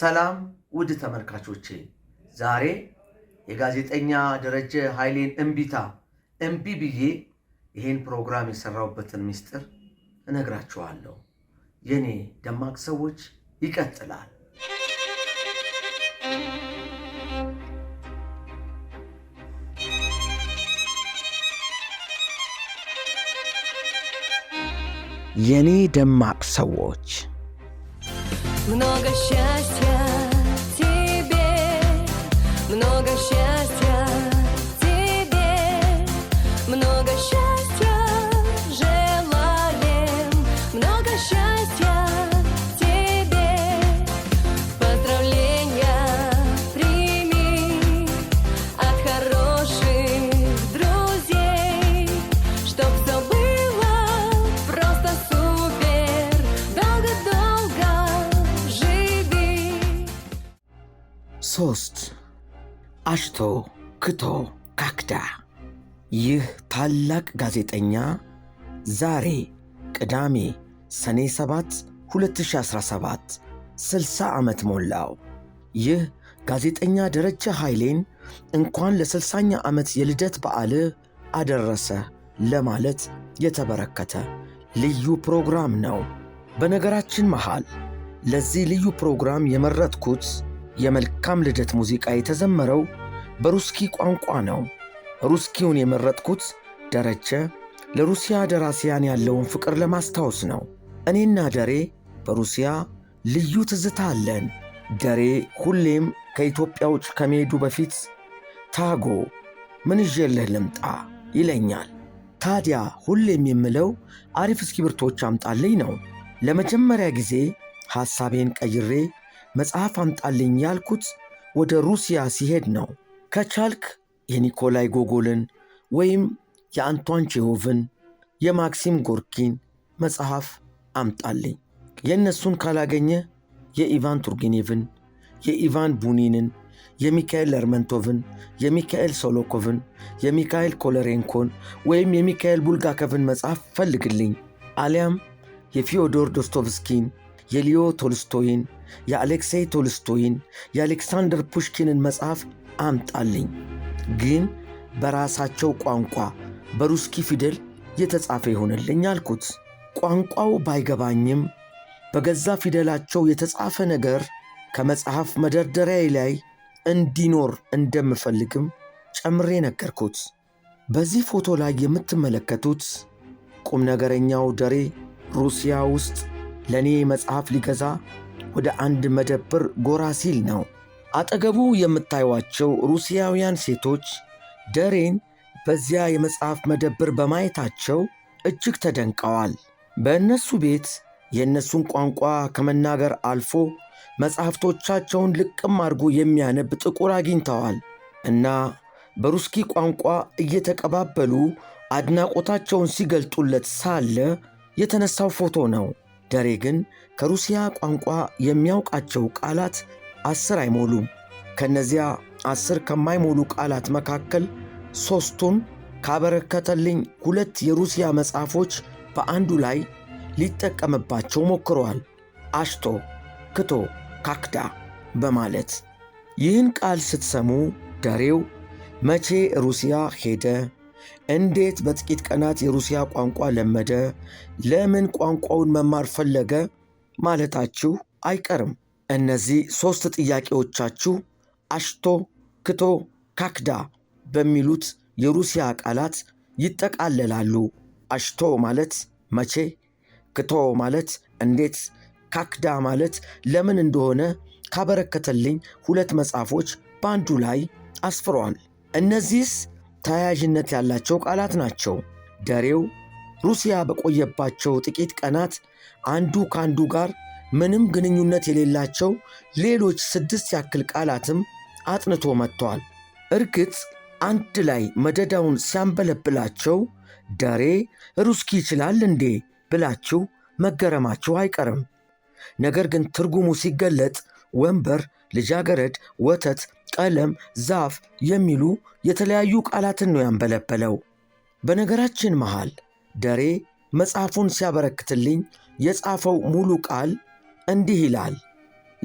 ሰላም ውድ ተመልካቾቼ፣ ዛሬ የጋዜጠኛ ደረጀ ኃይሌን እምቢታ እምቢ ብዬ ይህን ፕሮግራም የሰራሁበትን ምስጢር እነግራችኋለሁ። የኔ ደማቅ ሰዎች ይቀጥላል። የኔ ደማቅ ሰዎች много счастья. ገዝቶ ክቶ ካክዳ ይህ ታላቅ ጋዜጠኛ ዛሬ ቅዳሜ ሰኔ 7 2017 60 ዓመት ሞላው። ይህ ጋዜጠኛ ደረጀ ኃይሌን እንኳን ለ60ኛ ዓመት የልደት በዓል አደረሰ ለማለት የተበረከተ ልዩ ፕሮግራም ነው። በነገራችን መሃል ለዚህ ልዩ ፕሮግራም የመረጥኩት የመልካም ልደት ሙዚቃ የተዘመረው በሩስኪ ቋንቋ ነው። ሩስኪውን የመረጥኩት ደረጀ ለሩሲያ ደራሲያን ያለውን ፍቅር ለማስታወስ ነው። እኔና ደሬ በሩሲያ ልዩ ትዝታ አለን። ደሬ ሁሌም ከኢትዮጵያ ውጭ ከመሄዱ በፊት ታጎ ምን ይዤልህ ልምጣ ይለኛል። ታዲያ ሁሌም የምለው አሪፍ እስክሪብቶች አምጣልኝ ነው። ለመጀመሪያ ጊዜ ሐሳቤን ቀይሬ መጽሐፍ አምጣልኝ ያልኩት ወደ ሩሲያ ሲሄድ ነው። ከቻልክ የኒኮላይ ጎጎልን ወይም የአንቷን ቼሆቭን የማክሲም ጎርኪን መጽሐፍ አምጣልኝ። የእነሱን ካላገኘ የኢቫን ቱርጌኔቭን፣ የኢቫን ቡኒንን፣ የሚካኤል ለርመንቶቭን፣ የሚካኤል ሶሎኮቭን፣ የሚካኤል ኮለሬንኮን ወይም የሚካኤል ቡልጋከቭን መጽሐፍ ፈልግልኝ። አሊያም የፊዮዶር ዶስቶቭስኪን፣ የሊዮ ቶልስቶይን፣ የአሌክሴይ ቶልስቶይን፣ የአሌክሳንደር ፑሽኪንን መጽሐፍ አምጣልኝ ግን በራሳቸው ቋንቋ በሩስኪ ፊደል የተጻፈ ይሆንልኝ አልኩት። ቋንቋው ባይገባኝም በገዛ ፊደላቸው የተጻፈ ነገር ከመጽሐፍ መደርደሪያ ላይ እንዲኖር እንደምፈልግም ጨምሬ ነገርኩት። በዚህ ፎቶ ላይ የምትመለከቱት ቁም ነገረኛው ደሬ ሩሲያ ውስጥ ለእኔ መጽሐፍ ሊገዛ ወደ አንድ መደብር ጎራ ሲል ነው። አጠገቡ የምታዩቸው ሩሲያውያን ሴቶች ደሬን በዚያ የመጽሐፍ መደብር በማየታቸው እጅግ ተደንቀዋል። በእነሱ ቤት የእነሱን ቋንቋ ከመናገር አልፎ መጽሐፍቶቻቸውን ልቅም አድርጎ የሚያነብ ጥቁር አግኝተዋል እና በሩስኪ ቋንቋ እየተቀባበሉ አድናቆታቸውን ሲገልጡለት ሳለ የተነሳው ፎቶ ነው። ደሬ ግን ከሩሲያ ቋንቋ የሚያውቃቸው ቃላት አስር አይሞሉም። ከእነዚያ አስር ከማይሞሉ ቃላት መካከል ሦስቱን ካበረከተልኝ ሁለት የሩሲያ መጽሐፎች በአንዱ ላይ ሊጠቀምባቸው ሞክረዋል። አሽቶ፣ ክቶ፣ ካክዳ በማለት ይህን ቃል ስትሰሙ ደሬው መቼ ሩሲያ ሄደ? እንዴት በጥቂት ቀናት የሩሲያ ቋንቋ ለመደ? ለምን ቋንቋውን መማር ፈለገ? ማለታችሁ አይቀርም። እነዚህ ሦስት ጥያቄዎቻችሁ አሽቶ፣ ክቶ፣ ካክዳ በሚሉት የሩሲያ ቃላት ይጠቃለላሉ። አሽቶ ማለት መቼ፣ ክቶ ማለት እንዴት፣ ካክዳ ማለት ለምን እንደሆነ ካበረከተልኝ ሁለት መጽሐፎች በአንዱ ላይ አስፍረዋል። እነዚህስ ተያያዥነት ያላቸው ቃላት ናቸው። ደሬው ሩሲያ በቆየባቸው ጥቂት ቀናት አንዱ ከአንዱ ጋር ምንም ግንኙነት የሌላቸው ሌሎች ስድስት ያክል ቃላትም አጥንቶ መጥተዋል። እርግጥ አንድ ላይ መደዳውን ሲያንበለብላቸው ደሬ ሩስኪ ይችላል እንዴ ብላችሁ መገረማችሁ አይቀርም። ነገር ግን ትርጉሙ ሲገለጥ ወንበር፣ ልጃገረድ፣ ወተት፣ ቀለም፣ ዛፍ የሚሉ የተለያዩ ቃላትን ነው ያንበለበለው። በነገራችን መሃል ደሬ መጽሐፉን ሲያበረክትልኝ የጻፈው ሙሉ ቃል እንዲህ ይላል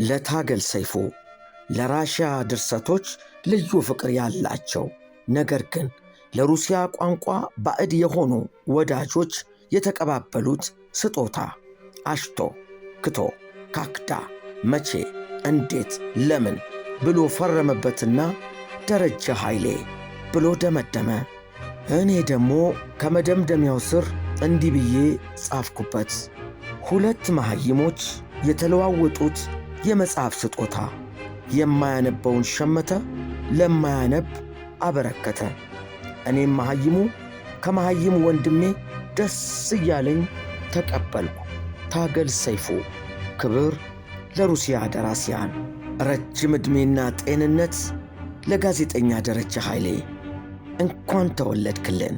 ለታገል ሰይፉ ለራሽያ ድርሰቶች ልዩ ፍቅር ያላቸው ነገር ግን ለሩሲያ ቋንቋ ባዕድ የሆኑ ወዳጆች የተቀባበሉት ስጦታ አሽቶ ክቶ ካክዳ መቼ እንዴት ለምን ብሎ ፈረመበትና ደረጀ ኃይሌ ብሎ ደመደመ። እኔ ደግሞ ከመደምደሚያው ስር እንዲህ ብዬ ጻፍኩበት። ሁለት መሐይሞች የተለዋወጡት የመጽሐፍ ስጦታ የማያነበውን ሸመተ፣ ለማያነብ አበረከተ። እኔም መሐይሙ ከመሐይሙ ወንድሜ ደስ እያለኝ ተቀበልኩ። ታገል ሰይፉ። ክብር ለሩሲያ ደራሲያን፣ ረጅም ዕድሜና ጤንነት ለጋዜጠኛ ደረጃ ኃይሌ። እንኳን ተወለድክልን።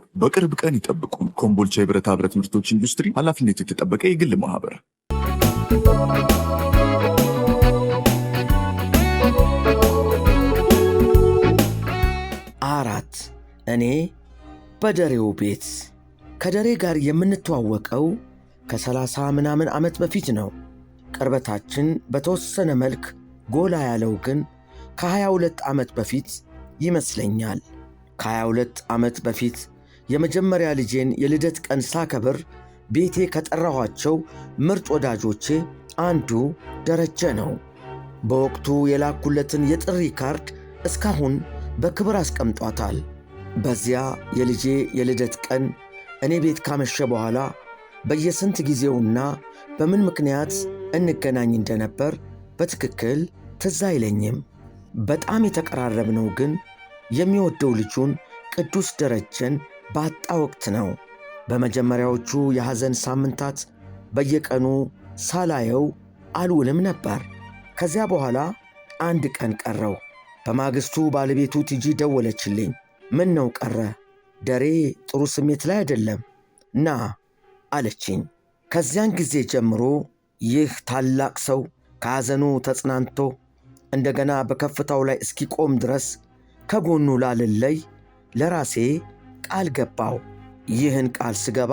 ቦርድ በቅርብ ቀን ይጠብቁ። ኮምቦልቻ የብረታ ብረት ምርቶች ኢንዱስትሪ ኃላፊነቱ የተጠበቀ የግል ማህበር አራት እኔ በደሬው ቤት ከደሬ ጋር የምንተዋወቀው ከሰላሳ ምናምን ዓመት በፊት ነው። ቅርበታችን በተወሰነ መልክ ጎላ ያለው ግን ከ22 ዓመት በፊት ይመስለኛል። ከ22 ዓመት በፊት የመጀመሪያ ልጄን የልደት ቀን ሳከብር ቤቴ ከጠራኋቸው ምርጥ ወዳጆቼ አንዱ ደረጀ ነው። በወቅቱ የላኩለትን የጥሪ ካርድ እስካሁን በክብር አስቀምጧታል። በዚያ የልጄ የልደት ቀን እኔ ቤት ካመሸ በኋላ በየስንት ጊዜውና በምን ምክንያት እንገናኝ እንደነበር በትክክል ትዝ አይለኝም። በጣም የተቀራረብነው ግን የሚወደው ልጁን ቅዱስ ደረጀን ባጣ ወቅት ነው። በመጀመሪያዎቹ የሐዘን ሳምንታት በየቀኑ ሳላየው አልውልም ነበር። ከዚያ በኋላ አንድ ቀን ቀረው። በማግስቱ ባለቤቱ ቲጂ ደወለችልኝ። ምን ነው ቀረ? ደሬ ጥሩ ስሜት ላይ አይደለም፣ ና አለችኝ። ከዚያን ጊዜ ጀምሮ ይህ ታላቅ ሰው ከሐዘኑ ተጽናንቶ እንደገና በከፍታው ላይ እስኪቆም ድረስ ከጎኑ ላልለይ ለራሴ ቃል ገባው። ይህን ቃል ስገባ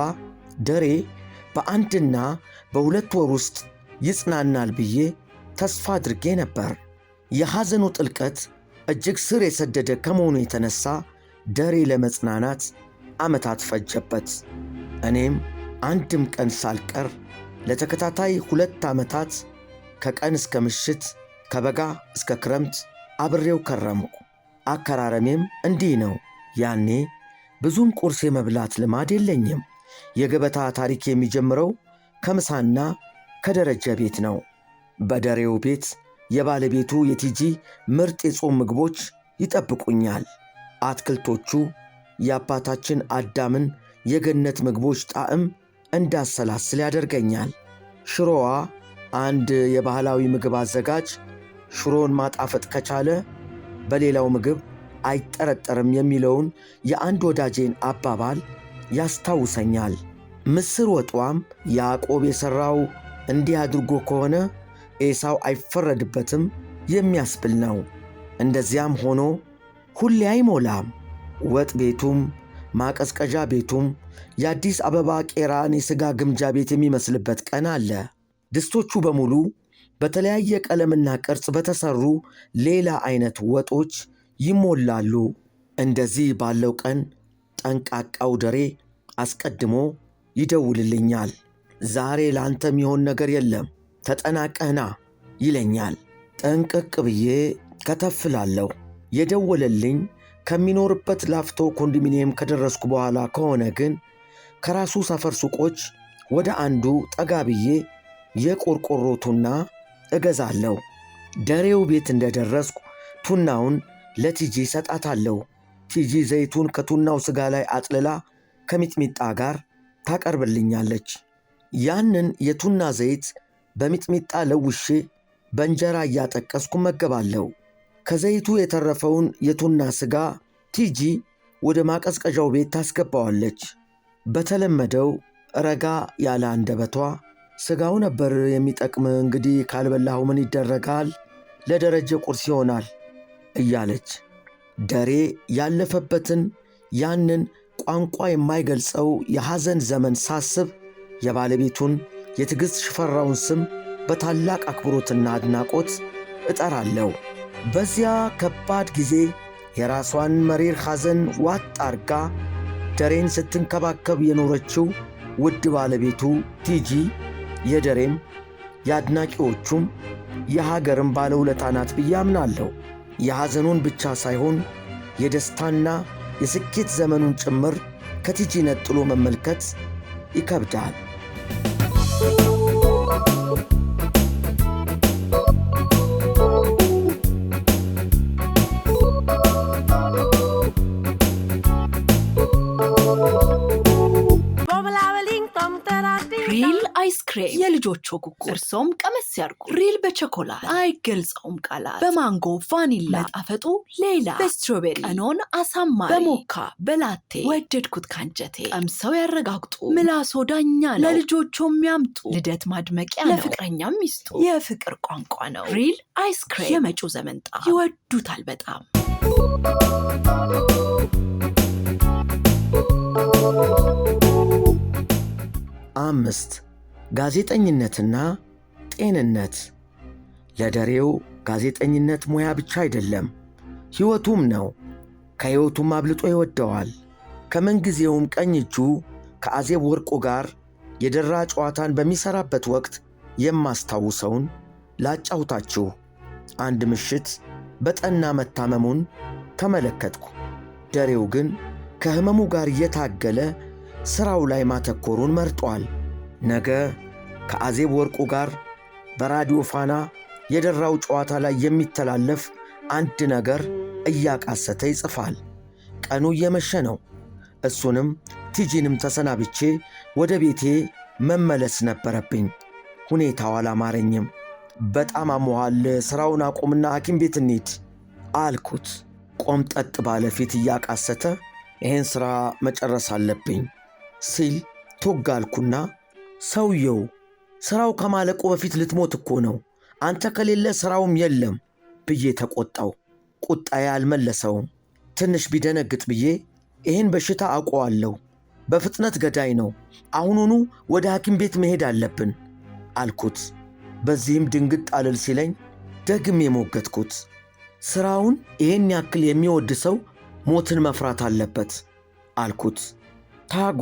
ደሬ በአንድና በሁለት ወር ውስጥ ይጽናናል ብዬ ተስፋ አድርጌ ነበር። የሐዘኑ ጥልቀት እጅግ ስር የሰደደ ከመሆኑ የተነሳ ደሬ ለመጽናናት ዓመታት ፈጀበት። እኔም አንድም ቀን ሳልቀር ለተከታታይ ሁለት ዓመታት ከቀን እስከ ምሽት ከበጋ እስከ ክረምት አብሬው ከረምኩ። አከራረሜም እንዲህ ነው። ያኔ ብዙም ቁርስ የመብላት ልማድ የለኝም። የገበታ ታሪክ የሚጀምረው ከምሳና ከደረጀ ቤት ነው። በደሬው ቤት የባለቤቱ የቲጂ ምርጥ የጾም ምግቦች ይጠብቁኛል። አትክልቶቹ የአባታችን አዳምን የገነት ምግቦች ጣዕም እንዳሰላስል ያደርገኛል። ሽሮዋ አንድ የባህላዊ ምግብ አዘጋጅ ሽሮን ማጣፈጥ ከቻለ በሌላው ምግብ አይጠረጠርም የሚለውን የአንድ ወዳጄን አባባል ያስታውሰኛል። ምስር ወጧም ያዕቆብ የሠራው እንዲህ አድርጎ ከሆነ ኤሳው አይፈረድበትም የሚያስብል ነው። እንደዚያም ሆኖ ሁሌ አይሞላም። ወጥ ቤቱም ማቀዝቀዣ ቤቱም የአዲስ አበባ ቄራን የሥጋ ግምጃ ቤት የሚመስልበት ቀን አለ። ድስቶቹ በሙሉ በተለያየ ቀለምና ቅርጽ በተሠሩ ሌላ አይነት ወጦች ይሞላሉ። እንደዚህ ባለው ቀን ጠንቃቃው ደሬ አስቀድሞ ይደውልልኛል። ዛሬ ላንተ የሚሆን ነገር የለም ተጠናቀህና ይለኛል። ጠንቅቅ ብዬ ከተፍላለሁ። የደወለልኝ ከሚኖርበት ላፍቶ ኮንዶሚኒየም ከደረስኩ በኋላ ከሆነ ግን ከራሱ ሰፈር ሱቆች ወደ አንዱ ጠጋ ብዬ የቆርቆሮ ቱና እገዛለሁ። ደሬው ቤት እንደደረስኩ ቱናውን ለቲጂ ሰጣታለሁ። ቲጂ ዘይቱን ከቱናው ሥጋ ላይ አጥልላ ከሚጥሚጣ ጋር ታቀርብልኛለች። ያንን የቱና ዘይት በሚጥሚጣ ለውሼ በእንጀራ እያጠቀስኩ መገባለሁ። ከዘይቱ የተረፈውን የቱና ሥጋ ቲጂ ወደ ማቀዝቀዣው ቤት ታስገባዋለች። በተለመደው ረጋ ያለ አንደበቷ ሥጋው ነበር የሚጠቅም፣ እንግዲህ ካልበላሁ ምን ይደረጋል፣ ለደረጀ ቁርስ ይሆናል እያለች ደሬ ያለፈበትን ያንን ቋንቋ የማይገልጸው የሐዘን ዘመን ሳስብ የባለቤቱን የትዕግሥት ሽፈራውን ስም በታላቅ አክብሮትና አድናቆት እጠራለሁ። በዚያ ከባድ ጊዜ የራሷን መሪር ሐዘን ዋጥ አርጋ ደሬን ስትንከባከብ የኖረችው ውድ ባለቤቱ ቲጂ የደሬም የአድናቂዎቹም የሀገርም ባለውለታ ናት ብዬ አምናለሁ። የሐዘኑን ብቻ ሳይሆን የደስታና የስኬት ዘመኑን ጭምር ከቲጂ ነጥሎ መመልከት ይከብዳል። በጉጉ እርስዎም ቀመስ ያርጉ። ሪል በቸኮላት አይገልጸውም ቃላት። በማንጎ ቫኒላ ጣፈጡ ሌላ በስትሮቤሪ ቀኖን አሳማሪ በሞካ በላቴ ወደድኩት ካንጀቴ። ቀምሰው ያረጋግጡ ምላሶ ዳኛ ነው። ለልጆቹ የሚያምጡ ልደት ማድመቂያ ነው። ለፍቅረኛም የፍቅር ቋንቋ ነው። ሪል አይስክሬም የመጪው ዘመንጣ ይወዱታል በጣም። አምስት ጋዜጠኝነትና ጤንነት ለደሬው ጋዜጠኝነት ሙያ ብቻ አይደለም፣ ሕይወቱም ነው። ከሕይወቱም አብልጦ ይወደዋል። ከምንጊዜውም ቀኝ እጁ ከአዜብ ወርቁ ጋር የደራ ጨዋታን በሚሠራበት ወቅት የማስታውሰውን ላጫውታችሁ። አንድ ምሽት በጠና መታመሙን ተመለከትኩ። ደሬው ግን ከሕመሙ ጋር እየታገለ ሥራው ላይ ማተኮሩን መርጧል። ነገ ከአዜብ ወርቁ ጋር በራዲዮ ፋና የደራው ጨዋታ ላይ የሚተላለፍ አንድ ነገር እያቃሰተ ይጽፋል። ቀኑ እየመሸ ነው። እሱንም ቲጂንም ተሰናብቼ ወደ ቤቴ መመለስ ነበረብኝ። ሁኔታው አላማረኝም። በጣም አሞሃል፣ ሥራውን አቁምና ሐኪም ቤት እንሂድ አልኩት። ቆምጠጥ ባለ ፊት እያቃሰተ ይህን ሥራ መጨረስ አለብኝ ሲል አልኩና ሰውየው ሥራው ከማለቁ በፊት ልትሞት እኮ ነው፣ አንተ ከሌለ ሥራውም የለም ብዬ ተቆጣው። ቁጣዬ አልመለሰውም። ትንሽ ቢደነግጥ ብዬ ይህን በሽታ አውቀዋለሁ፣ በፍጥነት ገዳይ ነው፣ አሁኑኑ ወደ ሐኪም ቤት መሄድ አለብን አልኩት። በዚህም ድንግጥ አልል ሲለኝ ደግም የሞገትኩት። ሥራውን ይህን ያክል የሚወድ ሰው ሞትን መፍራት አለበት አልኩት። ታጎ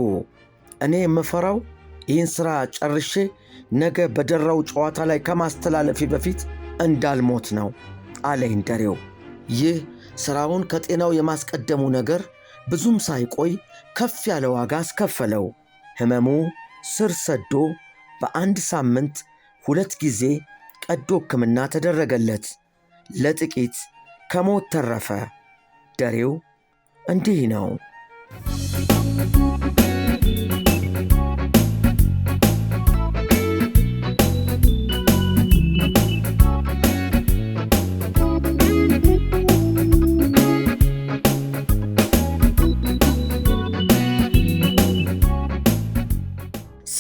እኔ የምፈራው ይህን ሥራ ጨርሼ ነገ በደራው ጨዋታ ላይ ከማስተላለፊ በፊት እንዳልሞት ነው አለኝ ደሬው። ይህ ሥራውን ከጤናው የማስቀደሙ ነገር ብዙም ሳይቆይ ከፍ ያለ ዋጋ አስከፈለው። ሕመሙ ስር ሰዶ በአንድ ሳምንት ሁለት ጊዜ ቀዶ ሕክምና ተደረገለት። ለጥቂት ከሞት ተረፈ። ደሬው እንዲህ ነው።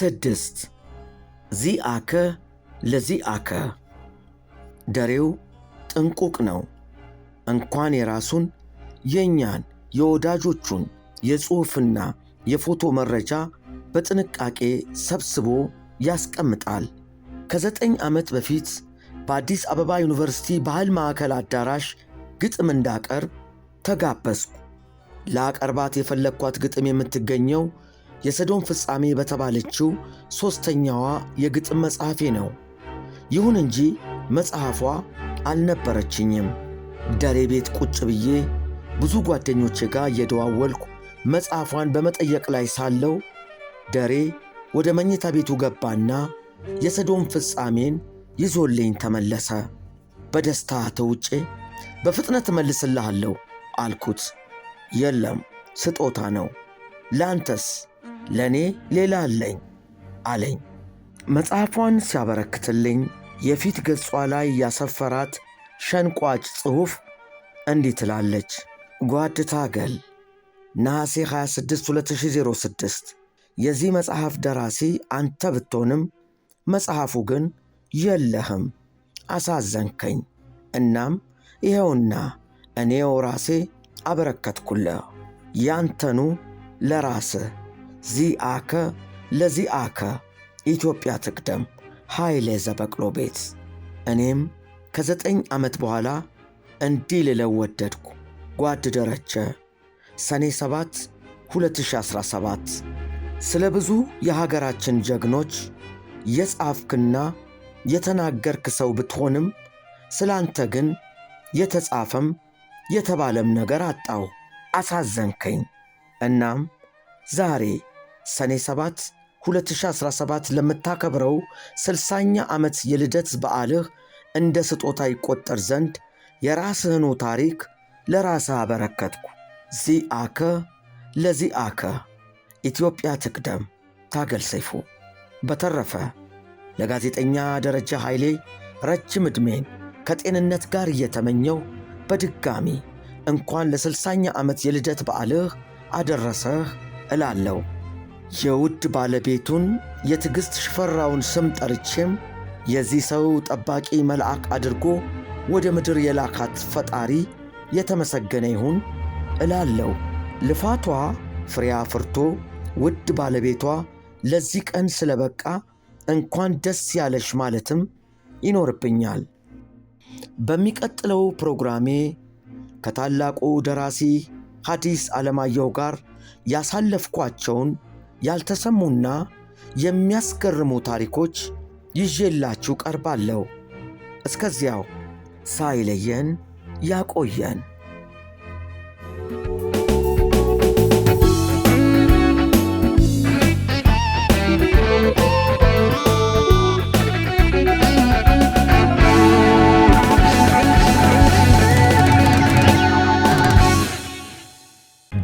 ስድስት ዚአከ ለዚአከ ደሬው ጥንቁቅ ነው። እንኳን የራሱን የእኛን የወዳጆቹን የጽሑፍና የፎቶ መረጃ በጥንቃቄ ሰብስቦ ያስቀምጣል። ከዘጠኝ ዓመት በፊት በአዲስ አበባ ዩኒቨርሲቲ ባህል ማዕከል አዳራሽ ግጥም እንዳቀርብ ተጋበዝኩ። ለአቀርባት የፈለግኳት ግጥም የምትገኘው የሰዶም ፍጻሜ በተባለችው ሦስተኛዋ የግጥም መጽሐፌ ነው። ይሁን እንጂ መጽሐፏ አልነበረችኝም። ደሬ ቤት ቁጭ ብዬ ብዙ ጓደኞቼ ጋር እየደዋወልኩ መጽሐፏን በመጠየቅ ላይ ሳለው ደሬ ወደ መኝታ ቤቱ ገባና የሰዶም ፍጻሜን ይዞልኝ ተመለሰ። በደስታ ተውጬ በፍጥነት እመልስልሃለሁ አልኩት። የለም ስጦታ ነው። ለአንተስ ለእኔ ሌላ አለኝ አለኝ። መጽሐፏን ሲያበረክትልኝ የፊት ገጿ ላይ ያሰፈራት ሸንቋጭ ጽሑፍ እንዲህ ትላለች። ጓድ ታገል ነሐሴ 26 2006። የዚህ መጽሐፍ ደራሲ አንተ ብትሆንም መጽሐፉ ግን የለህም። አሳዘንከኝ። እናም ይኸውና እኔው ራሴ አበረከትኩለህ ያንተኑ ለራስህ ዚአከ ለዚአከ ኢትዮጵያ ትቅደም ኃይሌ ዘበቅሎ ቤት። እኔም ከዘጠኝ ዓመት በኋላ እንዲህ ልለው ወደድኩ። ጓድ ደረጀ ሰኔ 7 2017። ስለ ብዙ የሀገራችን ጀግኖች የጻፍክና የተናገርክ ሰው ብትሆንም አንተ ግን የተጻፈም የተባለም ነገር አጣው። አሳዘንከኝ። እናም ዛሬ ሰኔ 7 2017 ለምታከብረው 60ኛ ዓመት የልደት በዓልህ እንደ ስጦታ ይቆጠር ዘንድ የራስህኑ ታሪክ ለራስህ አበረከትኩ። ዚአከ ለዚአከ ኢትዮጵያ ትቅደም። ታገል ሰይፉ። በተረፈ ለጋዜጠኛ ደረጃ ኃይሌ ረጅም ዕድሜን ከጤንነት ጋር እየተመኘው በድጋሚ እንኳን ለስልሳኛ ዓመት የልደት በዓልህ አደረሰህ እላለሁ። የውድ ባለቤቱን የትዕግሥት ሽፈራውን ስም ጠርቼም የዚህ ሰው ጠባቂ መልአክ አድርጎ ወደ ምድር የላካት ፈጣሪ የተመሰገነ ይሁን እላለሁ። ልፋቷ ፍሬ አፍርቶ ውድ ባለቤቷ ለዚህ ቀን ስለበቃ እንኳን ደስ ያለሽ ማለትም ይኖርብኛል። በሚቀጥለው ፕሮግራሜ ከታላቁ ደራሲ ሐዲስ ዓለማየሁ ጋር ያሳለፍኳቸውን ያልተሰሙና የሚያስገርሙ ታሪኮች ይዤላችሁ ቀርባለሁ። እስከዚያው ሳይለየን ያቆየን።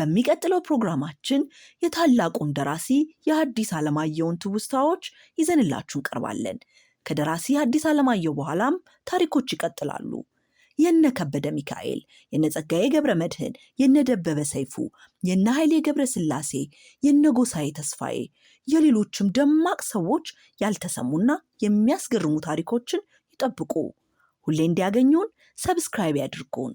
በሚቀጥለው ፕሮግራማችን የታላቁን ደራሲ የሐዲስ ዓለማየሁን ትውስታዎች ይዘንላችሁ እንቀርባለን። ከደራሲ ሐዲስ ዓለማየሁ በኋላም ታሪኮች ይቀጥላሉ። የነ ከበደ ሚካኤል፣ የነ ጸጋዬ ገብረ መድህን፣ የነ ደበበ ሰይፉ፣ የነ ኃይሌ ገብረ ስላሴ፣ የነ ጎሳዬ ተስፋዬ፣ የሌሎችም ደማቅ ሰዎች ያልተሰሙና የሚያስገርሙ ታሪኮችን ይጠብቁ። ሁሌ እንዲያገኙን ሰብስክራይብ ያድርጉን።